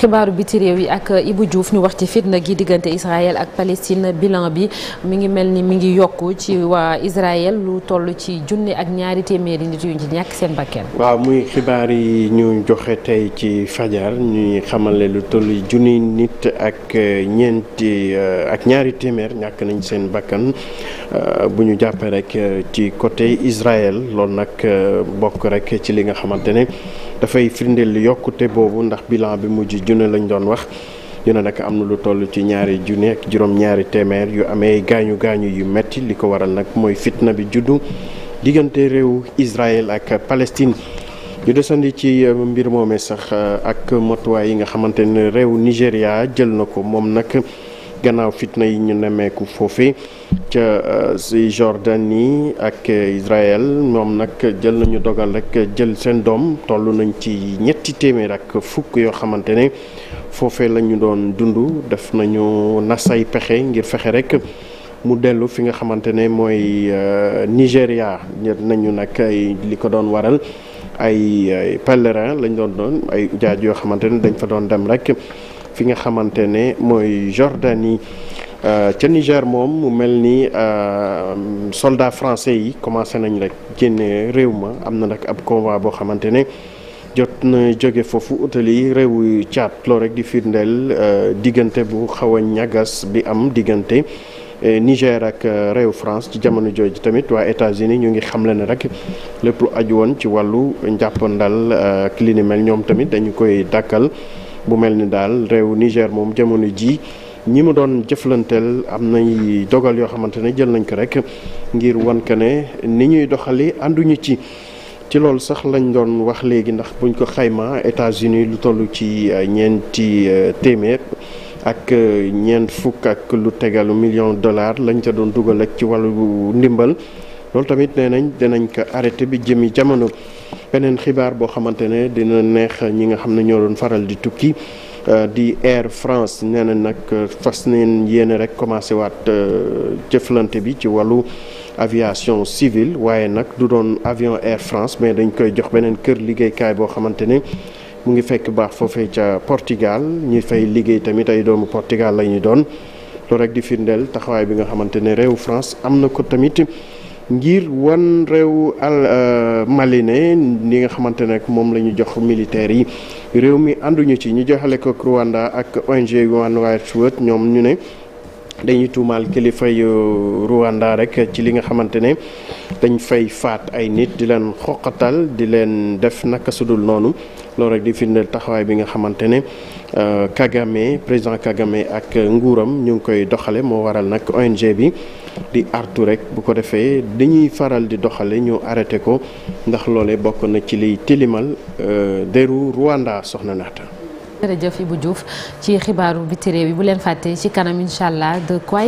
xibaaru biti réew yi ak Ibou Diouf ñu wax ci fitna gi diggante Israël ak Palestine bilan bi mi ngi mel ni mu ngi yokku ci waa Israël lu toll ci junni ak ñaari téeméeri nit yu ñàkk seen bakkeen. waaw muy xibaar yi ñu joxe tey ci fajar ñuy xamale lu toll junni nit ak euh, ñeenti euh, ak ñaari téeméer ñàkk nañ seen bakkan euh, bu ñu jàppee rek ci côté Israël loolu nag bokk rek ci li nga xamante ne dafay firndeel yokkute boobu ndax bilan bi mujj. junne lañ doon wax ñu ne nag am na lu toll ci ñaari junne ak juróom-ñaari téeméer yu amee gaañu gaañu yu metti li ko waral nag mooy fitna bi juddu diggante réew Israël ak Palestine. ñu desandi ci euh, mbir moomee sax euh, ak matuwaay yi nga xamante ne réew Nigéria jël na ko moom nag. gannaaw fitna yi ñu nemmeeku foofu ca euh, si Jordanie ak euh, Israël moom nag jël nañu dogal rek jël seen doom tollu nañ ci ñetti téeméer ak fukk yoo xamante ne foofee la ñu doon dundu def nañu nasay pexe ngir fexe rek mu dellu fi nga xamante ne mooy euh, nigeria ñet nañu nag ay li ko doon waral ay pèlerin lañ doon doon ay jaaj yoo xamante ne dañ fa doon dem rek fi nga xamante ne mooy Jordanie euh, ca Niger moom mu mel ni euh, soldats français yi commencé nañ rek génne réew ma am na nag ab convoi boo xamante ne jot na jóge foofu utali réewu Tchad loolu rek di firndeel euh, diggante bu xaw a ñagas bi am diggante Niger ak réew France ci jamono jooju tamit waa États-Unis ñu ngi xam xamle ne rek lépp lu aju woon ci wàllu njàppandal ak li mel ñoom tamit dañu koy dàkkal. bu mel ni daal réew Niger moom jamono ji ñi mu doon jëflanteel am nay dogal yoo xamante ne jël nañ ko rek ngir wan ko ne ni ñuy doxali ànduñu ci ci loolu sax lañ doon wax léegi ndax buñ ko xayma États-Unis lu toll ci euh, ñeenti euh, téeméer ak euh, ñeent fukk ak lu tegalu million dollar lañ ca doon dugal ak ci wàllu ndimbal loolu tamit nee nañ dinañ ko arrêté bi jëmmi jamono beneen xibaar boo xamante ne dina neex ñi nga xam ne ñoo doon faral di tukki euh, di Air France nee na nag euh, fas neen yéen rek commencé waat euh, jëflante bi ci wàllu aviation civile waaye nag du doon avion Air France mais dañ koy jox beneen kër liggéeykaay boo xamante ne mu ngi fekk baax foofee ca Portugal ñi fay liggéey tamit ay doomu Portugal la ñu doon loolu rek di firndeel taxawaay bi nga xamante ne réew France am na ko tamit. ngir wan réew al euh, Mali ne li nga xamante ne moom la ñu jox militaires yi réew mi ànduñu ci ñu joxale ko Rwanda ak ONG Human Rights Watch ñoom ñu ne. dañuy tuumaal kilifa yu Rwanda rek ci li nga xamante ne dañ fay faat ay nit di leen xoqatal di leen def naka sudul noonu loolu rek di firndeel taxawaay bi nga xamante ne euh, Kagame président Kagame ak nguuram ñu ngi koy doxale moo waral nag ONG bi di artu rek bu ko defee dañuy faral di doxale ñu arrêté ko ndax loole bokk na ci liy tilimal euh, deru Rwanda soxna naata jërëjëf bu Diouf ci xibaaru biti réew yi bu leen fàtte ci kanam incha allah de quoi